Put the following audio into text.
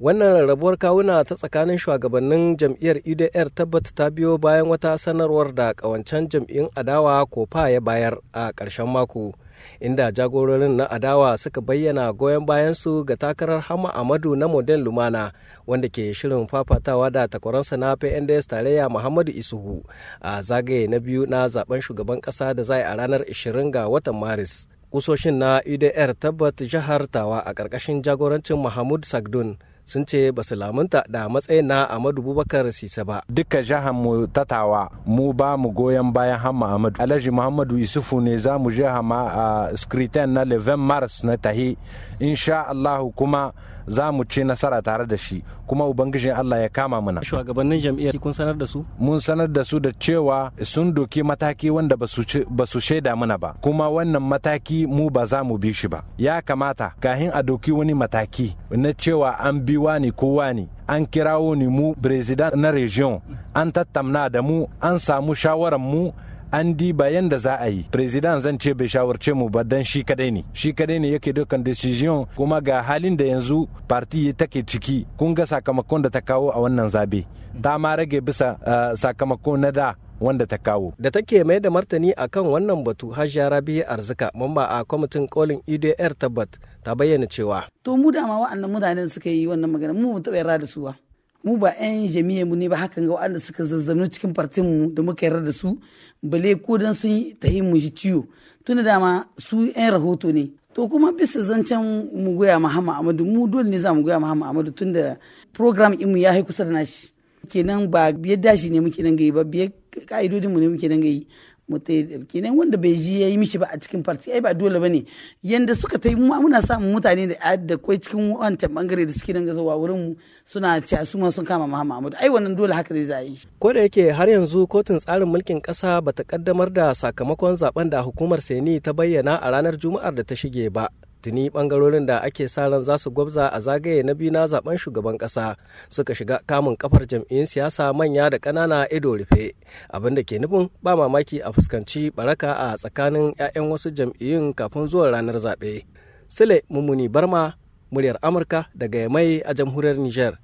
wannan rarrabuwar kawuna ta tsakanin shugabannin jam'iyyar udr e tabbata ta biyo bayan wata sanarwar da kawancen jam'iyyun adawa kofa ya bayar a ƙarshen mako inda jagororin na adawa suka bayyana goyon bayansu ga takarar hama amadu na model lumana wanda ke shirin fafatawa da takwaransa na pnds tarayya muhammadu isuhu a zagaye na biyu na zaben shugaban kasa da zai a ranar 20 ga watan maris kusoshin na udr e tabbat jihar tawa a ƙarƙashin jagorancin mahmud sagdun sun ce ba su lamunta da matsayin na Amadu Bubakar Sisa ba. Duka jihar mu tatawa mu ba mu goyon bayan Hamma Amadu. Alhaji Muhammadu Yusufu ne za mu je hama a Skriten na 11 Mars na tahi. Insha Allahu kuma za mu ci nasara tare da shi kuma ubangijin Allah ya kama muna. Shugabannin jam'iyyar kun sanar da su? Mun sanar da su da cewa sun doki mataki wanda ba su shaida muna ba kuma wannan mataki mu ba za mu bi shi ba. Ya kamata kahin a doki wani mataki na cewa an bi bi wani ko wani an kirawo ni mu president na region an tattamna da mu an samu shawaran mu an diba yadda za a yi president zan ce bai shawarce mu ba dan shi kadai ne shi kadai ne yake dokan decision kuma ga halin da yanzu parti take ciki kun ga sakamakon da ta kawo a wannan zabe ta ma rage bisa eh, sakamako na da wanda ta kawo da take mai da martani akan wannan batu hajiya rabi arzika mamba a kwamitin kolin idr tabbat ta bayyana cewa to mu dama wa'annan mutanen suka yi wannan magana mu taɓa yarda da su ba mu ba 'yan jami'a mu ne ba hakan ga wa'anda suka zazzabi cikin fartin mu da muka yarda da su bale ko dan sun yi ta yi mu ji ciwo tun dama su 'yan rahoto ne to kuma bisa zancen mu goya Muhammad Amadu mu dole ne za mu goya Muhammad Amadu tunda program mu ya haiku kusa da nashi kenan ba biyar dashi ne muke nan gaba ba biyar ka'idodin mu ne muke danga yi kenan wanda bai ji ya yi mishi ba a cikin farti ai ba dole ne yadda suka yi mu muna samun mutane da da kai cikin wancan bangare da suke danga zuwa wurin mu suna ci su ma sun kama muhammadu ai wannan dole haka zai zai shi ko da yake har yanzu kotun tsarin mulkin kasa ta kaddamar da sakamakon zaben da hukumar Seni ta bayyana a ranar Juma'ar da ta shige ba tuni bangarorin da ake sa ran za su gwabza a zagaye na biyu na zaben shugaban kasa suka shiga kamun kafar jam'iyyun siyasa manya da ƙanana ido rufe abin da ke nufin ba mamaki a fuskanci baraka a tsakanin 'ya'yan wasu jam'iyyun kafin zuwa ranar zaɓe sile mummuni barma muryar amurka daga mai a jamhuriyar niger